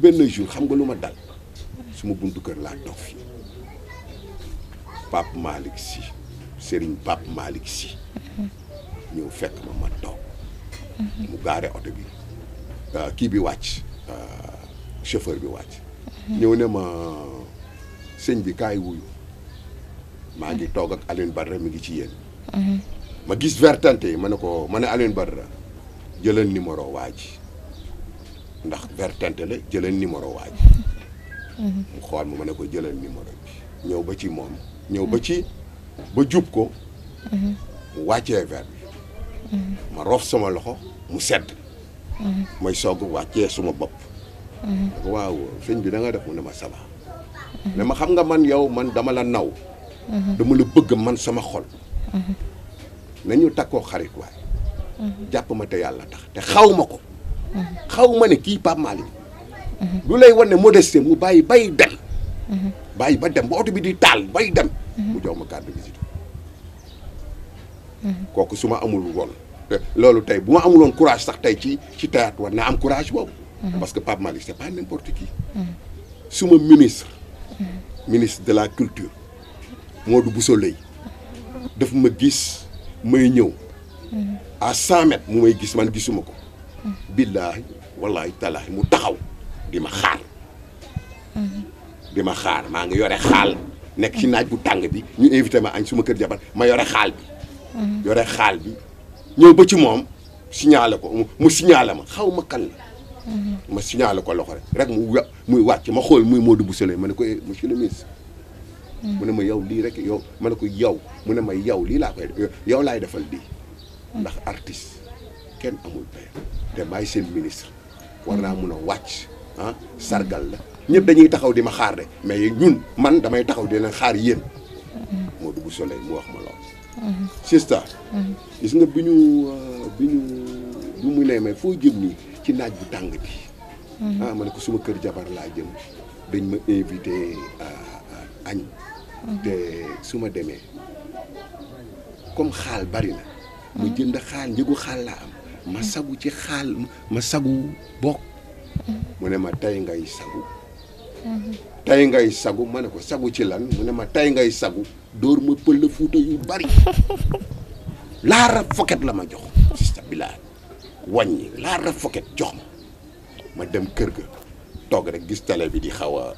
benn jour xam nga lu ma dal suma buntu kër laa toog fii Pape Malick Sy Serigne Pape Malick Sy ñëw fekk ma ma toog mu gaare oto bi euh, kii bi wàcc euh, chauffeur bi wàcc ñëw ne ma sëñ bi kaay wuyu maa ngi toog ak Alioune Badara mi ngi ci yéen mhm. ma gis vertante yi ma ne ko ma ne Alioune Badara jëlal numéro waa ji ndax vertente la jëlal numéro waaj mhm. mu xol mu mané a ko jëlal numéro bi ñew ba ci mom mhm. ñew ba ci ba jup ko hmm waccé bi mhm. ma rof sama loxo mu sedd may sogu waccé suma bop hmm waaw señ bi da nga def mu dama sama xam nga man yow man dama la naw dama la bëgg man sama xol nañu takko xarit waay japp ma te yalla tax te xawmako hmm xawma ne ki Pape Malick lu lay wone modeste mu baye baye dem baye ba dem auto bi di tal baye dem mu jox carte visite kooku suma amul won eh, loolu tay bu ma won courage sax tay ci ci théâtre war na am courage boobu parce que Pape Malick c'est pas n'importe qui suma ministre ministre de la culture Modou Bousso Leye daf ma gis may ñew à 100 mètres mu may gis man gisumako billaahi wallaahi talaahi mu taxaw di ma xaar. Mm-hmm. di ma xaar maa ngi yore xaal nekk ci naaj bu tàng bi ñu invité ma añ suma kër jabar ma yore xaal bi. Mm-hmm. yore xaal bi ñëw ba ci moom signalé ko mu signalé ma xaw ma kan la. Mm-hmm. ma signalé ko loxo rek rek mu muy wàcc ma xool muy Modou Bousso ma ne ko eh, monsieur le ministre. mu ne ma yow lii rek yow ma ne ko yow mu ne ma yow lii laa koy yow laay defal lii. ndax artiste. ken amul payam te bay seen ministre warna naa mun a wàcc ah, sargal la ñepp dañuy taxaw di ma xaar de mais ñun man damay taxaw di leen xaar yeen mo dugg soleil mu wax ma lool sista gis nga biñu euh, biñu bi mu ne mais fo jëm ni ci naaj bu tang bi ha ah, man ko suma kër jabar la jëm dañ ma invité añ agne su suma démé comme xaal bari na mu jënd xaal njëgu xaal laa am ma sagu ci xal ma sagu bok mu ne ma tay ngay sagu tay ngay sagu mané ko sagu ci lan mu ne ma tay ngay sagu dor ma peul yu bari ra foket la ma jox si stabilaat la ra foket jox ma ma dem kër ga tok rek gis télé bi di xawa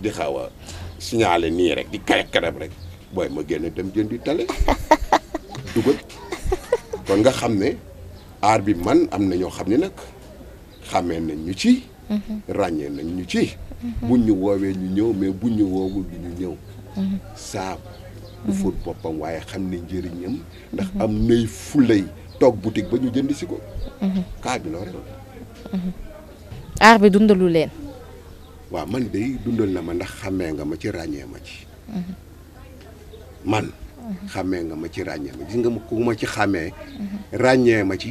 di xawa signalé rek di rek boy ma dem jëndi télé dugal kon nga aar bi man am na ñoo xam ne nag xamee nañ ñu ci ràññee nañ ñu ci buñ ñu woowee ñu ñëw mais buñ ñu woowul du ñu ñëw saab du fóot boppam waaye xam ne njëriñam ndax am nay fulay toog butik ba ñu jënd si ko kaa bi aar bi dundalu leen waaw man day dundal na ma ndax xamee nga ma ci ràññee ma ci man xamee nga ma ci ràññee ma gis nga ku ma ci xamee ràññee ma ci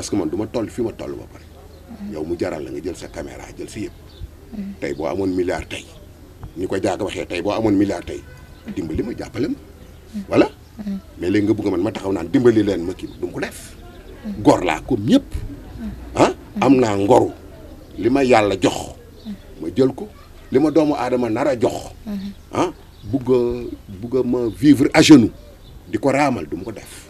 parce que man duma toll fi ma toll ba pare yow mu jaral la nga jël sa caméra jël si yëpp tay bo amone milliard tay ni ko jaaga waxe tay bo amone milliard tay dimbali ma jàppale wala mais lay nga bëgg man ma taxaw naan dimbali len ma ki du ko def gor la ko ñëpp ah am ngoru lima yalla jox ma jël ko lima doomu adama nara jox ah bëgg bëgg ma vivre à genoux di ramal raamal du ko def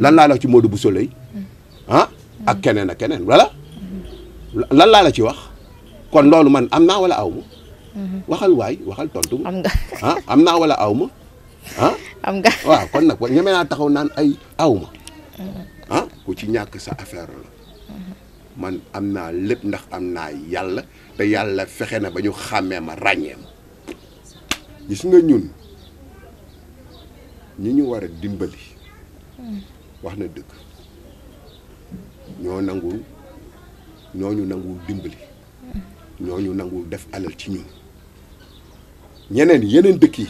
lan laa la ci Modou bu Leye ah ak keneen ak keneen walla lan laa la ci wax kon loolu man am naa wala aw waxal waay waxal tontu am nga ah, naa wala aw ma ah? am nga kon nag ñeme naa taxaw naan ay aw ma ah, ku ci ñàkk sa affaire man am naa lépp ndax am naa yàlla te yàlla fexe na ba ñu xàmmee ma ràññee ma gis nga ñun ñi ñu war a dimbali wax na dëkk ñoo ñoo ñu nangul dimbali ñooñu nangul def alal ci ñun ñeneen yeneen dëkki yi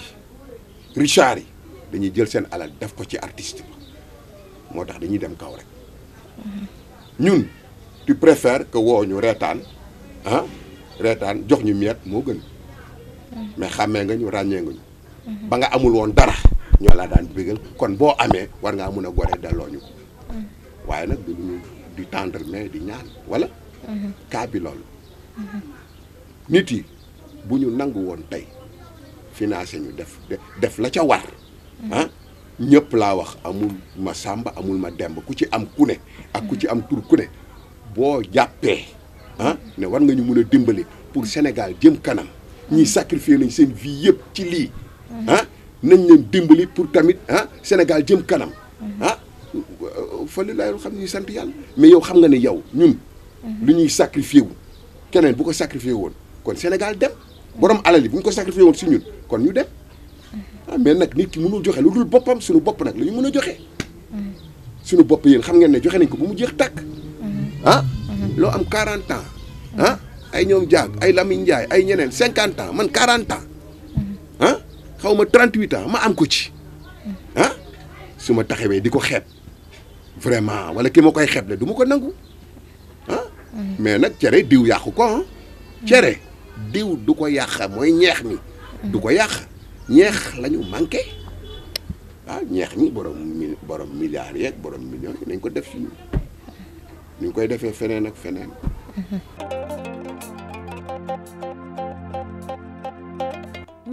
Richard yi dañuy jël seen alal def ko ci artiste bi moo tax dañuy dem kaw rek ñun tu préfères que woo ñu reetaan ah reetaan jox ñu miet moo gën mm. mais xàmmee nga ñu ràññee nga ñu mm-hmm. ba nga amul woon dara ñoo laa daan bégal kon boo amee war ngaa mën a gore delloo ñu ko mm-hmm. waaye nag du ñu di tendre mais di ñaan wala mm-hmm. cas bi loolu mm-hmm. nit yi bu ñu nangu woon tey financé ñu def def la ca war ah ñëpp laa wax amul ma sàmba amul ma demb ku ci am ku ak ku ci am tur ku boo jàppee ah ne war nga ñu mun a dimbali pour Sénégal jëm kanam ñi sacrifier nañ seen vie yëpp ci lii ah. nañ leen dimbali pour tamit ah Sénégal jëm kanam mm-hmm. ah fa li xam ñuy sant yàlla mais yow xam nga ni yow ñun mm-hmm. lu ñuy sacrifié wu keneen bu ko sacrifié woon kon Sénégal dem mm-hmm. borom alal yi bu ko sacrifié woon si ñun kon ñu dem ah mais nag nit ki mënul joxe lu dul boppam suñu bopp nag la ñu mën a joxe suñu bopp yéen xam ngeen ne joxe nañ ko bu mu jeex tàkk ah loo am quarante ans ah ay ñoom jaag ay Lamine jaay ay ñeneen 50 ans man quarante ans xaw ma 38 ans ma am ko ci ah su ma taxawee di ko xeeb vraiment wala ki ma koy xeeble du ma ko nangu ah. mais nag cere diw yàqu ko ah. cere diw du ko yàq mooy ñeex mi. du ko yàq ñeex lañu manqué ah ñeex mi borom mi borom milliards yeeg borom millions yi nañ ko def si ñu ñu koy defee feneen ak feneen.